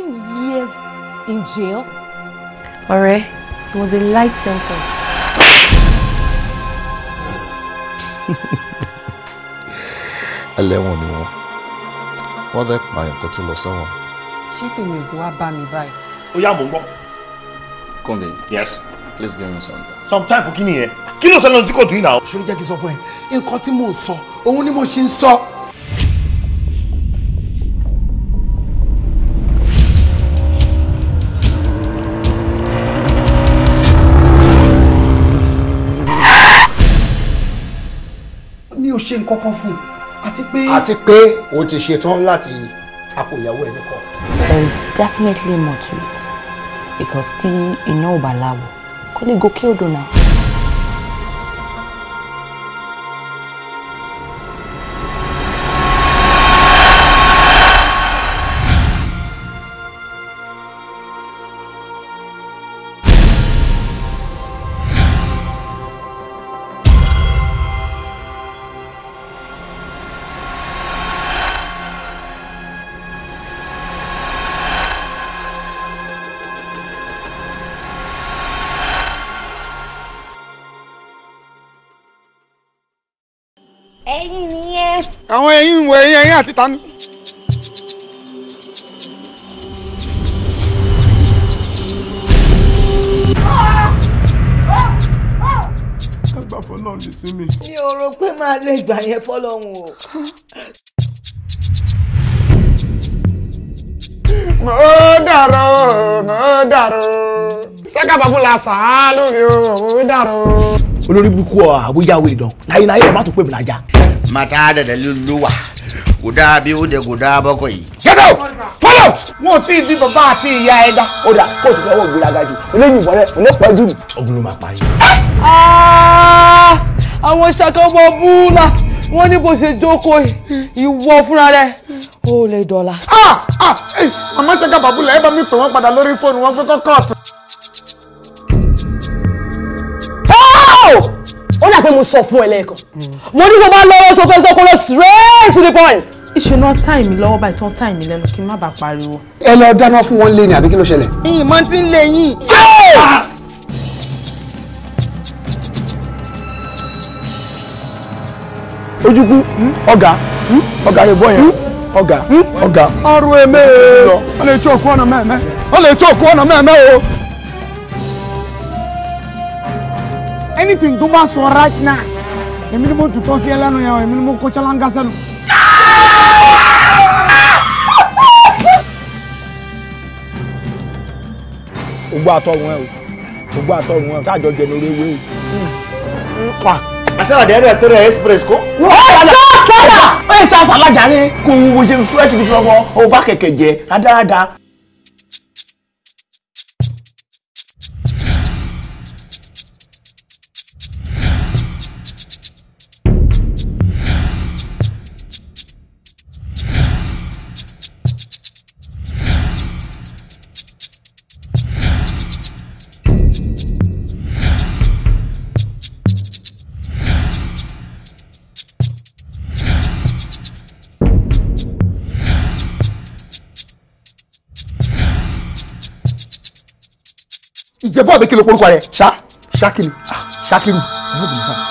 15 years in jail. Ọ̀rẹ́, it was a life sentence. Ẹlẹ́wọ̀n ni wọ́n. Wọ́n fẹ́ pààyàn kan tó lọ sẹ́wọ̀n. Ṣé tèmi ò ti wá bá mi báyìí? Ó yá mò ń gbọ́. Kọ́ndé. Yes. Please give me some time. Some time for kí nìyẹn? Kí ló sọ lọ́nà tí kò dùn yín náà? Ṣòro jẹ́ kí n sọ fún ẹ, nǹkan tí mò ń sọ, òun ni mo ṣe ń sọ. ṣe nǹkan kan fún un àti pé. àti pé o ti ṣetán láti tako ìyàwó ẹ nìkan. there is definitely more to it because tí iná ò bá láwọ kò lè gòkè odò náà. àwọn ẹyin ìwọ ẹyin ẹyin àti tani. agbàfọ́ náà lè sí mi. mi ò rò pé máa lè gbà yẹn fọlọ́hún o. mo dàrò mo dàrò sẹ́kàbàbù la sàá lórí o mo dàrò. olórí burúkú àbújá wo ìdán láyé láyé ẹ̀ má tún pè mí lájà mata da dalilluwa guda biyu da guda bakwai. Shadow! Follow! Wọ́n ti di bàbá àti ìyá ẹ̀dá. Ó dà kó ti tẹ́wọ́ ìgbéraga jù. Olóyìn ìwọ̀n rẹ̀ ọlọ́pàá jù. Ogun máa parí. Àwọn ṣàkóbọ̀ búlà wọ́n ní bó ṣe jókòó ìwọ fúnra rẹ̀ ó lè dọ̀la. Ah, Màmá ah, eh, ṣẹ́gà bàbúlà ẹ bá mi pè wọ́n padà lórí fóònù wọn pé kọ́kọ́ ọ̀tún ó dà pé mo sọ fún ẹ lẹ́ẹ̀kan mo ní kó bá lọ́wọ́ tó fẹ́ sọ lọ straight to the point. ìṣe náà táì mi lọ́wọ́ báyìí tán táì mi lẹ́nu kí n má bàa pariwo. ẹ lọ dáná fún wọn lé ní àbí kí ló ṣẹlẹ̀. ìyìn mọ́ ti ń lé yín. ojúkú ọ̀gá ọ̀gá rẹ̀ bọ́ yẹn ọ̀gá ọ̀gá. ọrùn èmi ò lè tó òkú ọ̀nà mẹ́ẹ̀mẹ́ ò lè tó òkú ọ̀nà mẹ́ẹ̀mẹ́ o. anything to bá sọ right now èmi ni mo tù tọ́ sí ẹlẹ́nu yẹn o èmi ni mo kó ṣáláńgá sẹ́nu. ogbó àtọ̀run ẹ o ogbó àtọ̀run ẹ o káàjọ jẹ lórí ewé o. pa àṣàlà dẹ́rẹ́ ẹ̀ sẹ́rẹ̀ express kó. wọ́n sọ sọ́dà. ó yẹ kí a sàlájà ni kò wúwo jẹun fúrẹ́tì fi sọ́wọ́ ọba kẹ̀kẹ́ jẹ adáradá ṣe fún àbíkí ló korúkọ rẹ ṣá ṣákìrì ah, ṣákìrì ẹ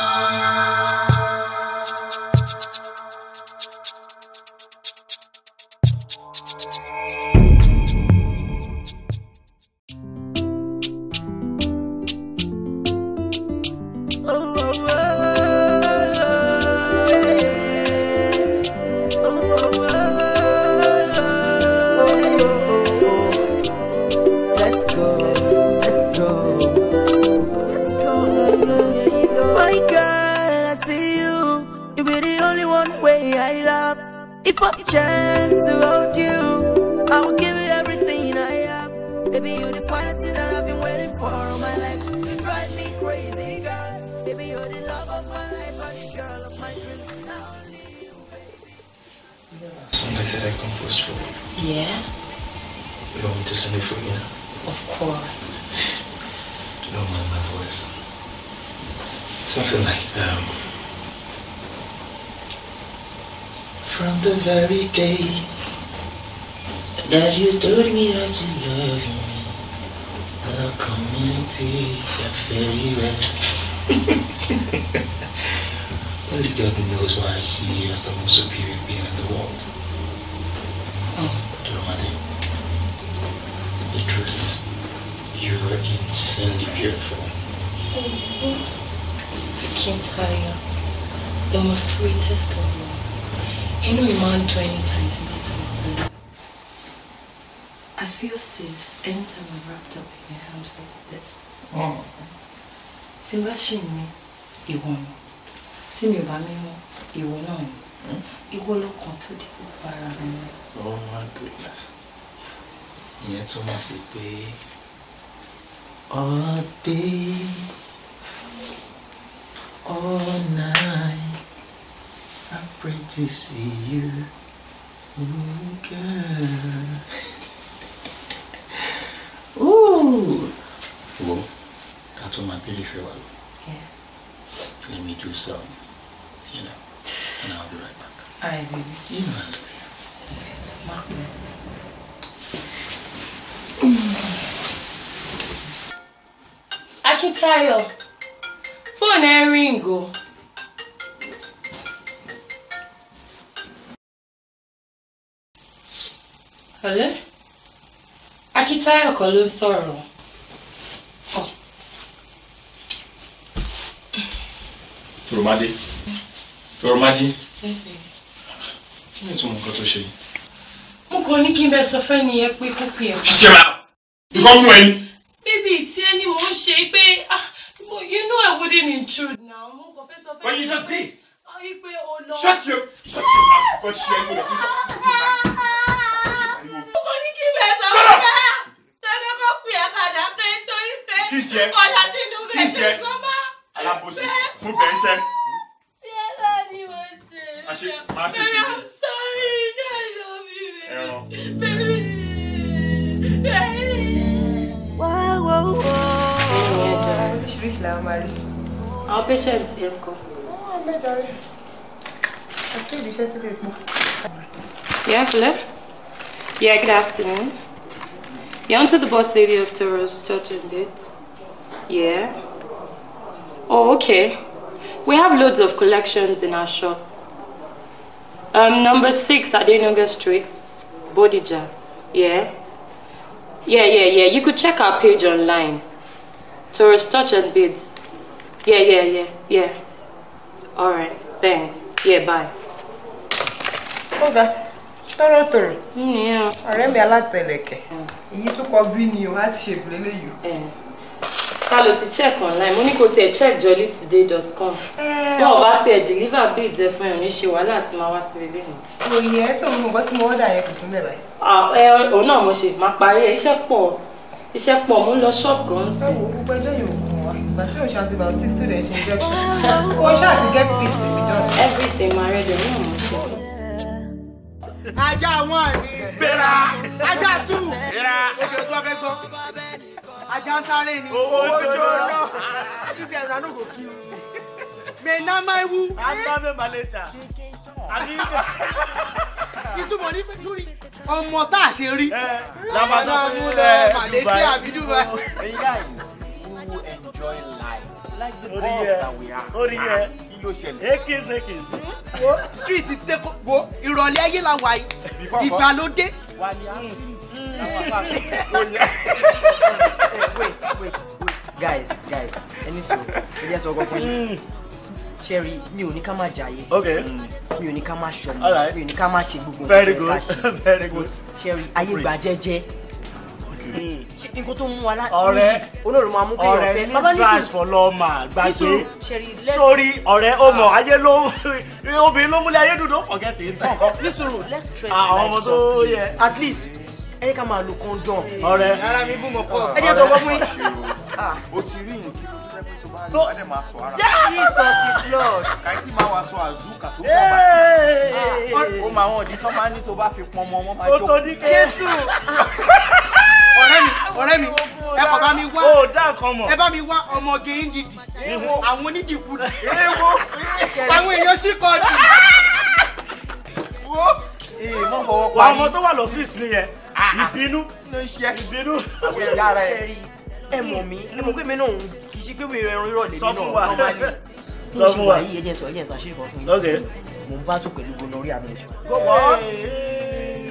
for a chance to hold you. I will give you everything I Baby, you're the finest thing that I've been waiting for all my life. You drive me crazy, girl. Baby, you're the love of my life, the girl of my dreams. baby. I composed for you. Yeah. You want me to send it for you? Of course. Don't mind my voice. Something like um. from the very day that you told me that you love me. The community, the very rare. Only God knows why I see you as the most superior being in the world. Oh. Dorothy, the truth is, you are insanely beautiful. I can't tell you. The are the sweetest of inú mi máa ń dùn anytime tí mo ti I feel safe anytime I'm wrapped up in a house like this. Oh. Tí n bá ṣì mí, ìwọ ni. Tí mi ò bá mí mọ́, ìwọ náà ni. Hmm? Ìwọ lọ́kàn tó di gbogbo ara mi. Oh my goodness. Ìyẹn túmọ̀ sí pé all day, all night. I pray to see you girl. Ooh. Well, that's what my beautiful. Yeah. Let me do some, you know, and I'll be right back. I agree. You know I love you. It's not mm. Akitayo, phone ẹ ringo. Oh. Hello? Akitayo kọ́ ló ń sọ̀rọ̀. Toromade. Toromade. Kí ni ìtumọ̀ nǹkan tó ṣe yìí? Mo kàn ní kí n bẹ sọ fẹ́ ni ẹ pé kó pè ẹ́. Ṣé máa nǹkan mú ẹni? Bíbí tí ẹni mò ń ṣe pé ah, you know I wouldn't intrude now. Mo kàn fẹ́ sọ fẹ́ ni. But you just did. Ipe ah, o lọ. Shut your shut your mouth because she ain't good àwọn patient yẹn kọ. Yeah, hello. Yeah, good afternoon. You're onto the boss lady of Toro's church and Bid. Yeah. Oh, okay. We have loads of collections in our shop. Um, number six, Adenoga Street, Bodija. Yeah. Yeah, yeah, yeah. You could check our page online. Taurus Touch and Bid. Yeah, yeah, yeah, yeah. All right, thanks. Yeah, bye. Ọ̀gá, tọ́rọ̀ tọ̀rọ̀. Mm, Ọ̀rẹ́ you. alátẹ̀lẹ̀kẹ̀. Èyí tó a bí ni o, á ti ṣègùn léléyìí. Ta ló ti check online? Mo ní kò tiẹ̀ check jollytoday.com. Eh, Wọ́n ò bá tiẹ̀ deliver bill jẹ fún ẹ̀rùn ṣe wàhálà àti máa wá sí ilé mi. Òye ẹ̀ sọ̀rọ̀ nǹkan tí mo wọ́dà yẹn kò sún bẹ̀rẹ̀. Òun náà mo ṣe, màá parí ẹ̀ iṣẹ́ pọ̀ iṣẹ́ pọ̀ mo lọ ṣọ́ọ̀bù gan-an sí wa. ìgbà tí òun ṣe antibiotics tó dẹ̀ ṣe injection ó ṣáà ti get fit lè mi dán. everything máa rẹ̀ dẹ̀ ní ọ̀mọ̀ ṣe. ajá wọn ni bẹ́ra ajá tù bẹ́ra oge tó wá fẹ́ sọ ajá sáré ni owó jọ̀rọ̀ títí ẹ̀rọ àánú kò kí mi. mẹ́nà máa wú. agbábẹ́ malaysia àbí ìtumọ̀ ní ọmọ tá a ṣe rí. làbàdàn eh, múlẹ̀ Malaysia àbí Dubai like the orí yẹ orí yẹ ah, ló ṣẹlẹ̀. ekins ekins. Hmm? wo street dé kó wo ìrọ̀lẹ́ ayé la wà yìí ìgbàlódé. wà ní asiri. Hmm. Hmm. wait wait wait guys guys ẹni sọ ẹ jẹ́ sọ ọkọ fún yín sẹ́rí mi ò ní ká máa jàyè mi ò ní ká máa ṣọmọ mi ò ní ká máa ṣe gbogbo nǹkan ká ṣe sẹ́rí ayé gbà jẹ́jẹ́ nǹkan tó mú wa láti ọ̀rẹ́ olóòrùn ní sùn for love gbàgbé sórí ọ̀rẹ́ ó mọ̀ ah. ayé ló obìnrin ló múlẹ̀ ayé dùn don't forget it. nísòro let's try àwọn ah, ọmọ tó yẹ. at least ẹ jẹ́ ká máa lo condom. ọ̀rẹ́ ara mi bú mọ kọ́. ẹ jẹ́ sọ fún mi. Ah. o ti rí yìí kí ló jẹ́ pé tó bá rí ọ̀rẹ́ máa tọ́ ara. Jesus is Lord. kàìtì máa wá sọ àzúkà tó kọ́ bá sí. ó máa wọn òdì tán máa ní tó bá fi pọn ọmọ wọn máa jókòó. ó tó ní kẹ́sù. ọ̀rẹ́ mi ẹ kọ̀ bá mi wá ẹ bá mi wá ọmọge ndidi àwọn onídìkudì àwọn èèyàn sì kọ́ ọdún. ọmọ tó wà lọ́fíìsì mi yẹn ìbínú ìbínú ẹ mọ̀ mí ẹ mọ̀ pé mi náà kì í ṣe pé mi rẹ̀ ń rọ̀ lèmi náà ọmọ mi tó yìí ẹjẹ sọ ẹjẹ sọ àṣírí kan fún yín mò ń bá tó pẹ̀lú gonorrhea àmì ìṣòro.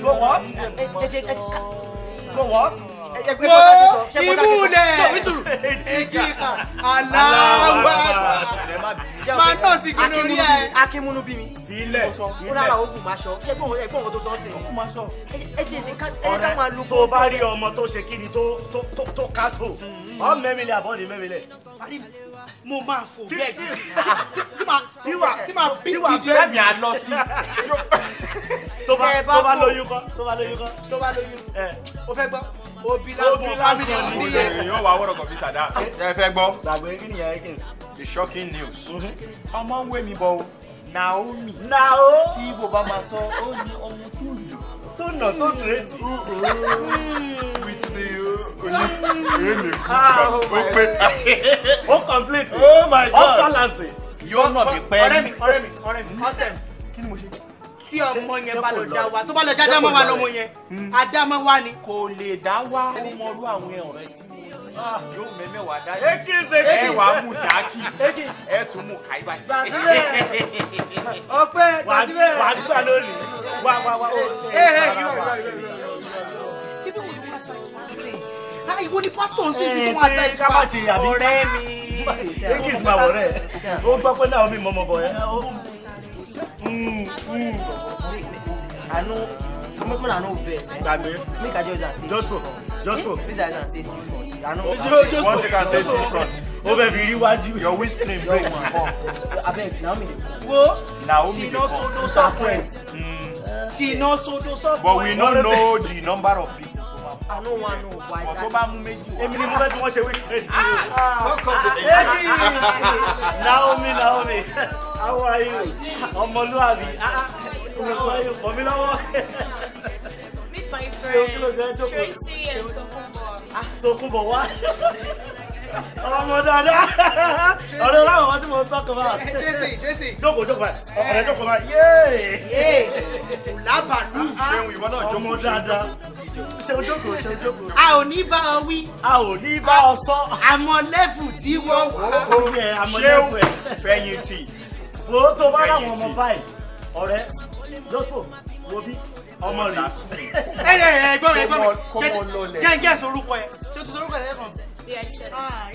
go what go what go what ìmúlẹ̀ ìjìká aláwọ̀ máa tọ̀ sí kí lórí ẹ. akínmúnú bí mi. ilẹ̀ ilẹ̀ ó rárá oògùn máa sọ ṣé gbọ́n ẹ̀gbọ́n kan tó sọ ọ́ sí. oògùn máa sọ. ẹ jẹ́ ti ká máa lu. tó bá rí ọmọ tó ṣe kí ni tó ká tó hmm. ọ mẹ́mílẹ̀ àbọ̀dé mẹ́mílẹ̀ mo máa fò bẹ́ẹ̀ tí tí màá bí bẹ́ẹ̀ mi à lọ sí tó bá lóyún kọ́ tó bá lóyún kọ́ tó bá lóyún o fẹ́ gbọ́ obi lásán family ọ̀hún níyẹn. èèyàn wà wọ́rọ̀ kọ̀bí sàdá. ẹ fẹ́ gbọ́. gbàgbé kí nìyẹn Ekins. the shocking news. ọmọ mm-hmm. ń wé mi bọ̀ o Naomi. Nao. tí ibo bá máa sọ ó ní ọmọ tó lù tó nà tó dùrẹ́tì. Mm. Mm. with the oyin èmi kú ó pé. ó complete. Oh ó kọ́lá yóò nà mí pẹ́ẹ́lí. ọ̀rẹ́ mi ọ̀rẹ́ mi ọ̀rẹ́ mi mm. ọ̀sẹ̀ mi kí ni mo ṣe tí ọmọ yẹn bá lọ dá wa tó bá lọ já dá mọ́ wa lọ́mọ yẹn adá hmm. mọ́ wa ni. kò lè dá wa ó mọ irú àwọn ọ̀rẹ́ tí mo yóò ah, mẹ́mẹ́wàá dá yẹn ẹ wàá mú sàákì ẹ tún mú káyí báyìí. gbàsílẹ̀ ọpẹ́ gbàsílẹ̀ wàá gbà lónìí wà wà wà ó ẹ ẹ yóò rà ìwọ ni pásítọ̀ ń sìn sí tó máa eh, ta ìṣúra eh, ọ̀rẹ́ mi. ekis ma wọ̀ rẹ̀ o gbọ́ pé náà mi mọ̀ mọ̀ bọ̀ yẹn. I know. I'm not gonna know best. Make I just and taste. Just for, just for. Please I can taste you front. I oh, know. Just for. Once you can taste you front. Over the reward your whisk cream break my Abeg, Naomi. Whoa. Naomi. She not so do so friends. She not so do so. But we not know the number of people. I know. wan know why that. Ọ̀tọ́ you. Emily, méjì wá. to ni mo fẹ́ fi wọ́n ah! Ah! Naomi Naomi. How are you? Ah, how ah. Ọmọlúwàbí. Mọ̀mí lọ́wọ́. Meet my friends. Tracy and Tokunbo. Ah, Tokunbo wá. Ọmọ dáadáa. Ọ̀rẹ́ láwọn ọmọ tí mo ń tọ́kọ̀ bá. Tracy Tracy. Jókòó jókòó báyìí. Eh. Ọ̀rẹ́ jókòó báyìí. Eh. Yéè. Làbàlú. Ah, ṣéun ìwọ náà jókòó. Ọmọ dáadáa. Ṣéun jókòó Ṣéun jókòó. A ò we. Ah, ọ wí. A ò ní bá ọ sọ. Àmọ́ lẹ́fù tí wọ́n wà. Oh, oh, ṣéun fẹ̀yìntì wo tó bá láwọn ọmọ báyìí ọ̀rẹ́ jọ́sọ̀ wo bí ọmọ rẹ̀. ẹ ẹ ẹ gbọ́ mi gbọ́ mi jẹ́ jẹ́ sorúkọ ẹ ṣé o ti sorúkọ ẹ lẹ́kàn.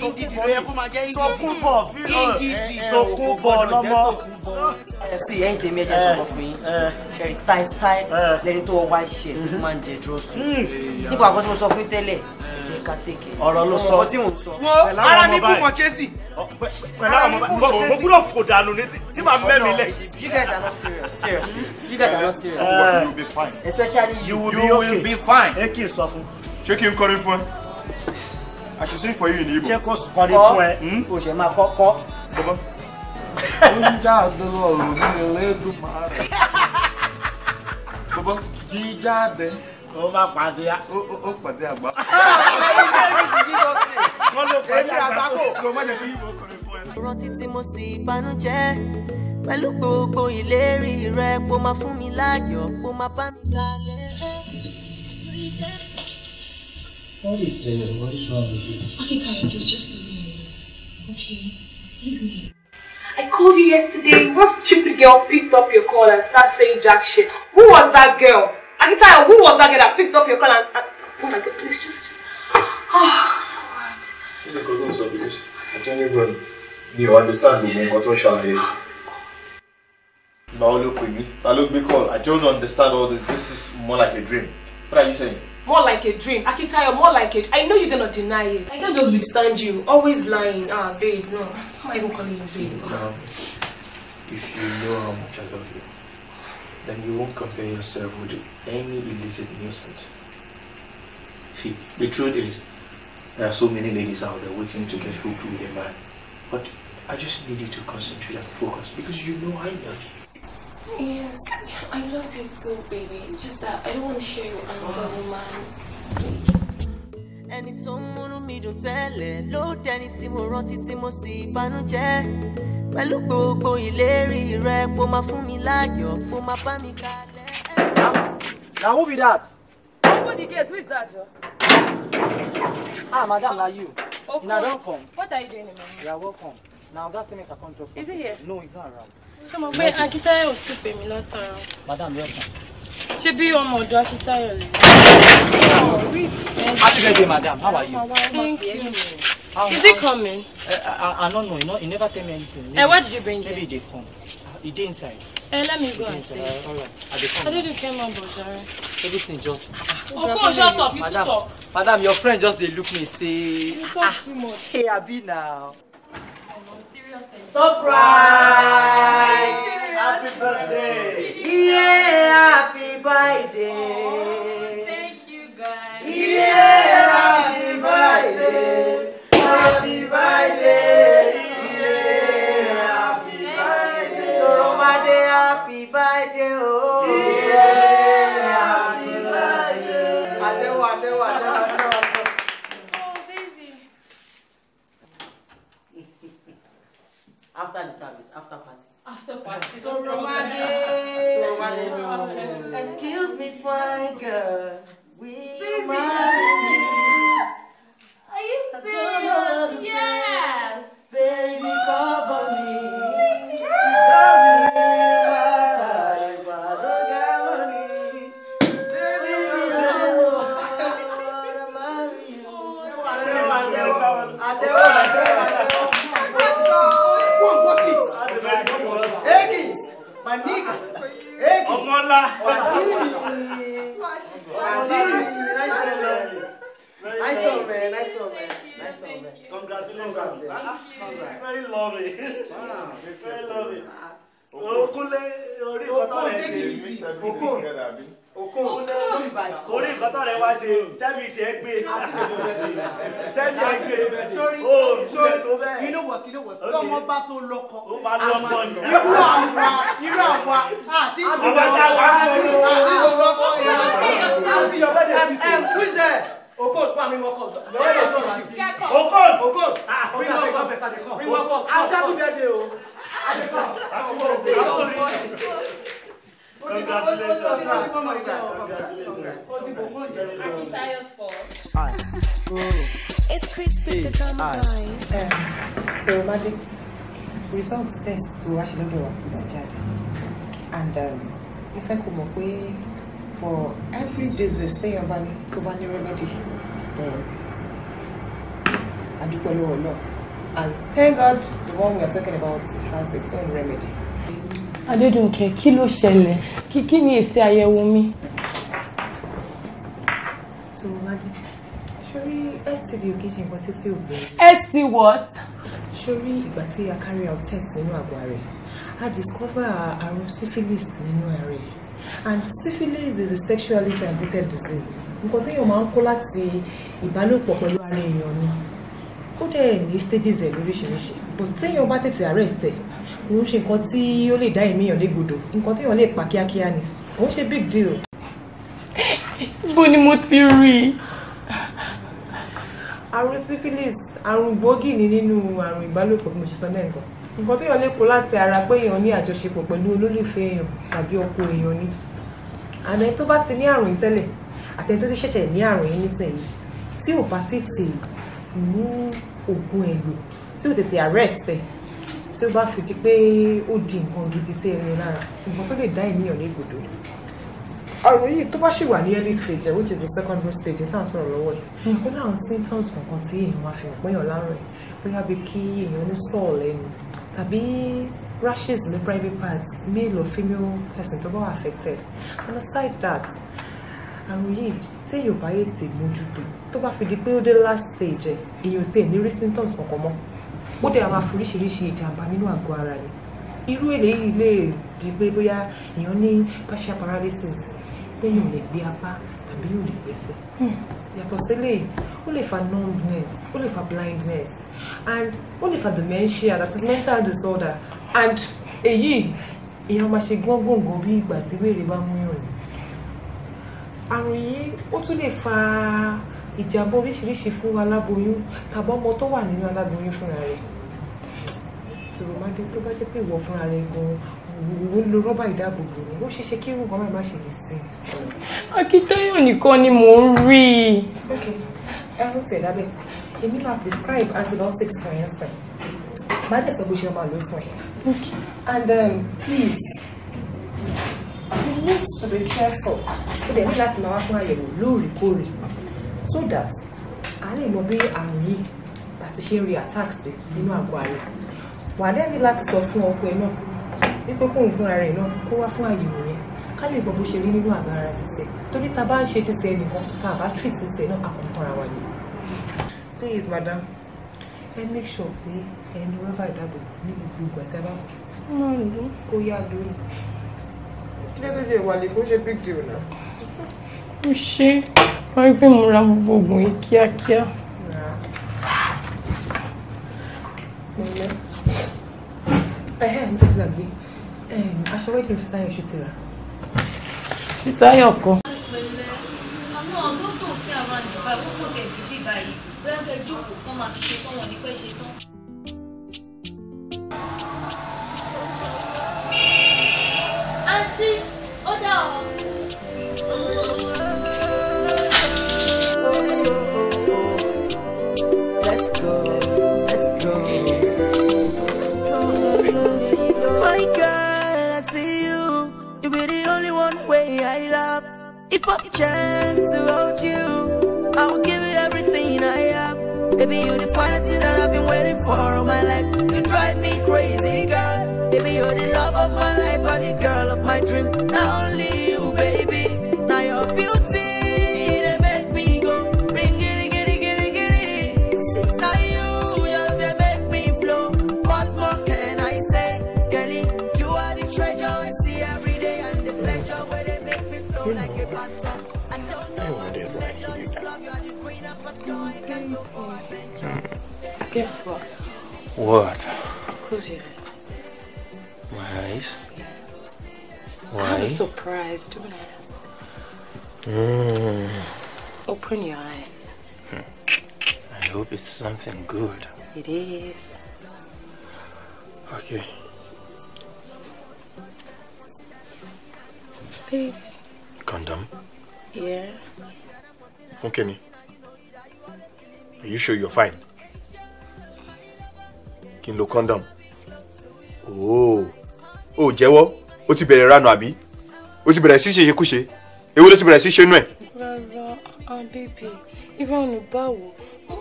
Ìdìdì ah, ló yẹ kó máa jẹ́ ìdìdì. Tòkunbọ̀ fílọ̀ ìdìdì tòkunbọ̀ lọ́mọ. Sí ẹ̀yìn tèmi ẹ̀jẹ̀ sọ̀rọ̀ fún yín. Eh. Ṣẹ̀rí style style eh. lẹ́ni tó wá ṣe tó mm-hmm. máa ń jẹ dúrọ́sù. Hmm. Nípa àkọsí mo sọ fún tẹ́lẹ̀, ẹ̀jẹ̀ eh. ká tèké. Ọ̀rọ̀ ló sọ. Wo ara mi bú mọ̀ Chelsea. Pẹ̀lú àwọn ọmọ báyìí. Mo gbúdọ̀ fò dànù ní You are no. like You guys are not serious, seriously. You guys are not serious. Uh, you will be fine. Especially you. You will, you be, okay. will be fine. Ẹ kí n sọ fún. Ṣé kí n kọrin fún ẹ? I should sing for you in Igbo. Ṣé kò kọrin fún ẹ? Hmm? O ṣe máa kọ́ kọ́. Bọ́bọ́. Oúnjẹ àdúrà òun ni elédùn máa rẹ̀. Bọ́bọ́ jíjáde. Ó máa pàdé a. Ó pàdé àgbà. Wọ́n ló pàdé àgbà kò. Kò má jẹ́ kí Igbo kọrin fún ẹ. Rántí tí mo sì bànújẹ́ pẹ̀lú gbogbo ìlérí rẹ kó máa fún mi láyọ̀ kó máa bá mi kalẹ̀. What is it? Uh, what is wrong with you? Akitayo, please just leave me alone. Okay? Leave me. I called you yesterday. One stupid girl picked up your call and started saying jack shit. Who was that girl? Akitayo, who was that girl that picked up your call and... and oh my God, please just... just... Oh, Lord. Kí ni kò tó ń sọ bí? Àjọ ní ìbọn mi ò understand gbogbo nǹkan tó ń Baolopimi, Balogbe call. I don't understand all this. This is more like a dream. What are you saying? More like a dream. Akitayo, more like it. I know you're gonna deny it. I can't just withstand you. Always lying. Ah, babe, no. How am I even calling you See, babe? Um, if you know how much I love you, then you won't compare yourself with any illicit nuisance. See, the truth is, there are so many ladies out there waiting to get hooked with a man. But I just need you to concentrate and focus because you know I love you. Yes, I love you too, baby. Just that I don't want to share you with another man. ẹni tó ń múnú mi dùn tẹ́lẹ̀ ló dẹni tí mo rántí tí mo sì bànújẹ́ pẹ̀lú gbogbo ìlérí rẹ kó máa fún mi láàyò kó máa bá mi kalẹ̀. na who be that. open the gate who is that. Joe? ah madam na you. Okay. Oh, una don come. what are you doing in my room. you are welcome. na oga say make i come drop something. is he here. no he's not around ṣé mo pé akíntayọ̀ ò sì pè mí látara. madam yóò tán. ṣé bí ọmọ ọ̀dọ̀ akíntayọ̀ lè. happy birthday madam how are you. thank you. How, is he coming. Uh, I, I don't know you know he never tell me anything. Maybe, uh, what did you bring maybe him. he dey come he dey inside. Uh, let me go and see. Uh, all right. I dey come. How did you come on board, Jare? Everything just. Okon, oh, shut up. You too talk. Madam, your friend just dey look me say. You talk ah, too much. Hey, Abi now. Surprise! Happy birthday! Yeah, happy birthday! àtẹwọ́ àtẹwọ́ àtẹwọ́ kó ń gbọ́ sí. egi manik egi ọmọlá nice one man nice one man nice one man nice one very lovely very lovely. orí nǹkan tó rẹ wá ṣe sẹ́mi tiẹ̀ gbé sẹ́mi ẹ̀ gbé o ṣe tó bẹ́ẹ̀. you know what you know what tọmọ bá tó lọ́kọ. ó máa lọ́kọ ni. irú àwa irú àwa àti ìlú ah, ah. lọ́kọ àti ìlú lọ́kọ àti ìlú pa mi more cups. Your wife is not with you. Okon, Okon, bring more cups. Ah, bring more cups. It's crispy. To the drama guy. Eh, so, Magic, result test tó wá ṣe lọ́dọ̀ wa ti jáde. And um, mo fẹ́ kó mọ̀ for every disease they have, ní tó bá ní remedy. Adúpẹ́ lọ́wọ́ náà. And thank God the one we are talking about has its own remedy. Adédùnkẹ́, kí ló ṣẹlẹ̀? kí ni èsì àyẹ̀wò mi. tòmọ́ládé sórí std ò kí ṣe nǹkan títí ò gbé. st what. sórí ìgbà tí a carry out test nínú àgọ́ rẹ̀ a discover àrùn syphilis nínú rẹ̀ and syphilis is a sexually transmitted disease nǹkan téèyàn máa ń kó láti ìbálòpọ̀ pẹ̀lú ara èèyàn ni ó dẹ̀ ní stages ẹ̀ lóríṣiríṣi but téèyàn bá tètè arrest ẹ̀ kò ń ṣe nǹkan tí ó lè dá ẹ̀mí légbodò nǹkan téèyàn lè pa kíákíá ni kò ń ṣe big deal. bó ni mo ti rí i. àrùn syphilis àrùn gbòógì ni nínú àrùn ìbálòpọ̀ bí mo ṣe sọ lẹ́ẹ̀kan nǹkan téèyàn lè kó láti ara pé èèyàn ní àjọṣepọ̀ pẹ̀lú olólùfẹ́ èèyàn tàbí ọkọ èèyàn ni àmọ́ tó bá ti ní àrùn yìí tẹ́lẹ̀ àtẹni tó ti ṣẹ̀ṣẹ̀ ní àrùn yìí nísìnyí tí ò bá tètè mú òògùn ẹ̀ tí ò tètè arrest ẹ̀ tí ó bá fi di pé ó di nǹkan gidi sí ẹni lára nǹkan tó lè dá ènìyàn ní ìgbòdo ọ̀rọ̀ yìí tó bá ṣì wà ní early stage which is the secondary stage tá à ń sọ̀rọ̀ lọ́wọ́ yìí hmm. ó láwọn symptoms kankan tí èèyàn àfihàn péyàn lárùn bóyá bí kí èèyàn ní sọ̀ọ̀ lẹ́nu tàbí rashes ní private parts male or female person tó bá wà affected and aside that àrùn yìí tí èèyàn bá yẹ tè mójútó tó bá fi di pé ó dé last stage ẹ̀ èèyàn tiẹ̀ ní rí symptoms kankan mọ́ ó dẹ̀ máa foríṣiríṣi ìjàmbá nínú àgọ́ ara ni irú eléyìí lè di pé bóyá èèyàn ní partial paralysis lẹ́yìn ò lè gbé apá tàbí ò lè gbẹ́sẹ̀ hmm. yàtọ̀ sílẹ̀ ó lè fa numbness ó lè fa blindness and ó lè fa dementia that is mental disorder and èyí èèyàn máa ṣe gbọ́ngbọ̀ngàn bí ìgbà tí wèrè bá mú yàn ni àrùn yìí ó tún lè fa ìjàmbá oríṣiríṣi fún aláboyún tàbọ́ ọmọ tó wà nínú aláboyún fúnra rẹ̀ ṣòro máa dé tó bá jẹ́ pé ìwọ fúnra rẹ̀ gan-an òwò ń lo rọ́bà ìdáàbòbò ó ṣeé ṣe kí irú nǹkan má ṣe lè sí. akíntayọ̀ nìkan ni mò ń rí i. ok ẹ ló tẹ̀ lábẹ́ èmi máa prescribe antibiotics for enzyme máa dẹ̀ sọ bó ṣe máa lò fún ẹ. ok and um, please you need to be careful ó dẹ̀ ní láti máa wá fún àyẹ̀wò lóòrèkóòrè so that a lè mọ bí àrùn yìí àti ṣe ń rí attacks sí nínú àgọ́ ara wà á dẹ́ni láti sọ fún ọkọ ẹ náà wípé kóun fúnra rẹ̀ náà kó wá fún àyẹ̀wò yẹn ká lè gbọ́ bó ṣe rí nínú àgọ́ ara títẹ̀ torí ta bá ń ṣe títẹ̀ ẹnìkan tá a bá treat títẹ̀ náà àkọ́kọ́ra wa ni. please madam ẹ make sure pé ẹni wọ́n bá dáàbò ní gbogbo ìgbà tí a bá wọ̀ kó yá lórí. kí ló dé ìwà lè kó ṣe big deal náà. ṣé wọ́n rí pé mo ra gbogbo oògùn yìí kíákíá. aṣọ wedding fi sáyọ̀ ṣe ti rà. fi sáyọ̀ kọ. àwọn ọ̀dọ́ tó ń ṣe àwọn àjọba If I chance to hold you, I will give you everything I am. Baby, you're the finest thing that I've been waiting for all my life. You drive me crazy, girl. Baby, you're the love of my life, and the girl of my dream. Not only you, baby. Guess what? What? Close your eyes. My eyes? Yeah. Why? I am surprised don't I... Mm. Open your eyes. I hope it's something good. It is. Okay. Baby. Condom? Yeah. me. are you sure you're fine? kí n lo condom Oh, o jẹ́wọ́ o ti bẹ̀rẹ̀ ranu àbí o ti bẹ̀rẹ̀ sí ṣèṣekúṣe èwo ló ti bẹ̀rẹ̀ sí ṣe nú ẹ̀. rárá abébè ìranu báwo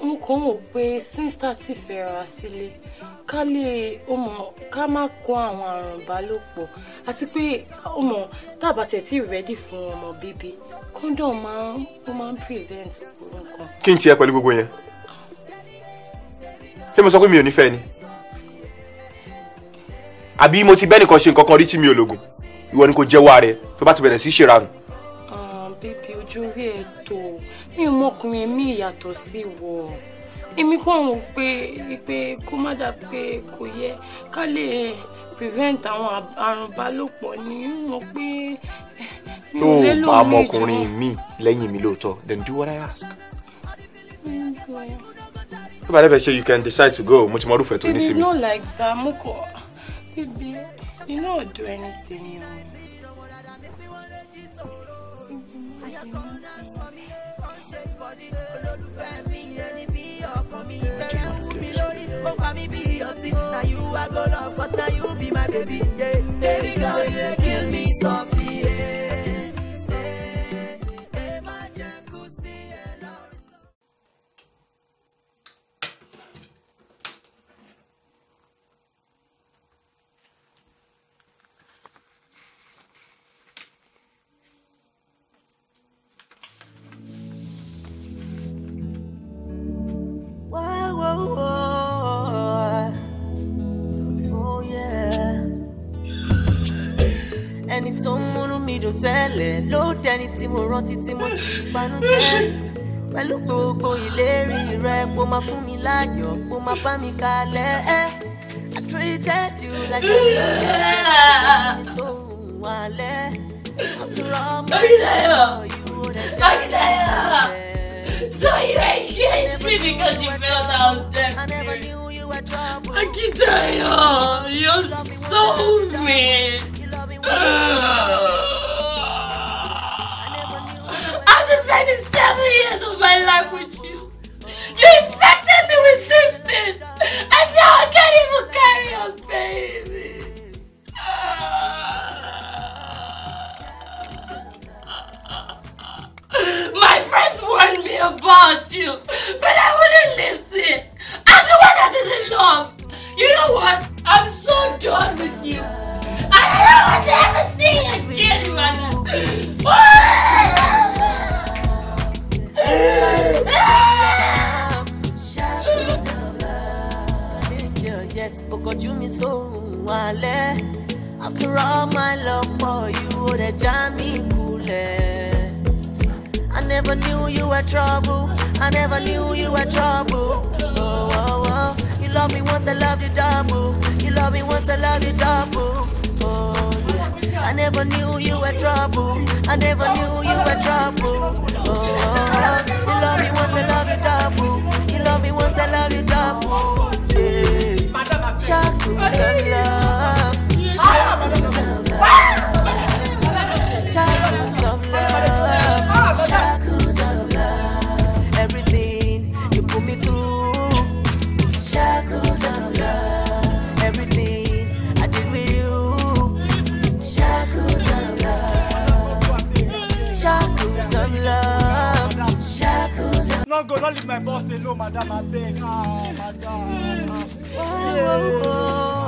n kò mọ̀ pé sínstà ti fẹ́ra sílé ká lè ọmọ ká má kó àwọn àrùn ìbálòpọ̀ àti pé ọmọ tábà tẹ̀tí rẹ́dí fún ọmọ bíbí kọ́ńdọ̀m máa ó máa ń prevent nǹkan. kí n tiẹ̀ pẹ̀lú gbogbo yẹn ṣé mo sọ pé mi ò nífẹ̀ẹ́ ni àbí mo ti bẹ́nìkan ṣe nǹkan kan rí tí mi ò lògùn ìwọ ni kò jẹ́wọ́ rẹ tó bá ti bẹ̀rẹ̀ sí ṣèrànù. Ah, bébí ojú rí ẹ mi ò mọkùnrin mi ìyàtọ̀ sí wọ èmi kàn wò pé pé kó má dà pé kò yẹ ká lè prevent àwọn àrùn bálòpọ̀ ni mo pé mi ò lè lómi ìjọ. tó o máa mọkùnrin mi lẹ́yìn mi lóòótọ́ then do what I ask. Mm, tó bá dẹ́ fẹ́ ṣe you can decide to go mo ti mọ orúfẹ́ tó ní sí baby no like that mo kọ. Bíbí inú ọ̀dọ̀ ẹni tèmi o. you are gonna, but you be my baby. girl, you kill me soft. ẹni tó ń múnú mi dùn tẹ́lẹ̀ ló dẹni tí mo rántí tí mo sì banújẹ́ pẹ̀lú gbogbo ìlérí rẹ kó máa fún mi láyọ̀ kó máa bá mi kalẹ̀ I treated you like a baby ẹni tó ń wà lẹ́ àtúrọ̀ mọ́ ìlú rẹ̀ jẹ́ So you engaged me because you felt I was dead. Akitayo, you're so mean. I've just spending seven years of my life with you. You infected me with this thing, and now I can't even carry a baby. My friends warned me about you, but I wouldn't listen. I'm the one that is in love. You know what? kalẹ̀ After all my love for you ó dẹ̀ já mi kulẹ̀. I never knew you were trouble I never knew you were trouble oh, oh, oh. You love me once I love you double You love me once I love you double oh, I never knew you were trouble I never knew you were trouble oh, oh, oh. You love me once I love you double You love me once I love you double yeah shackles of love.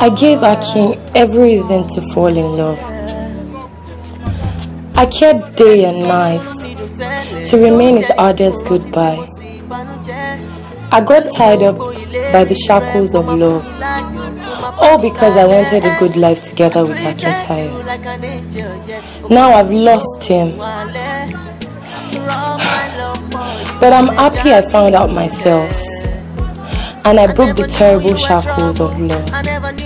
I gave Akin every reason to fall in love. I cared day and night to remain his hardest goodbye. I got tied up by the shackles of love, all because I wanted a good life together with king. Now I've lost him. But I'm happy I found out myself and I broke the terrible shackles of love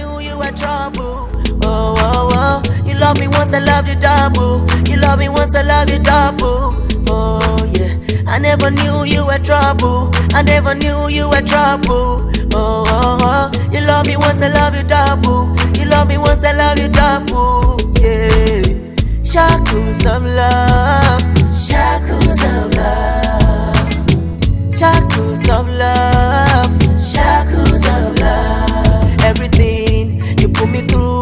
trouble. Oh, oh, oh. You love me once, I love you double. You love me once, I love you double. Oh, yeah. I never knew you were trouble. I never knew you were trouble. Oh, oh, oh. You love me once, I love you double. You love me once, I love you double. Yeah. Shackles of love. Shackles of love. Shackles of love. Shackles of love. Everything pull me through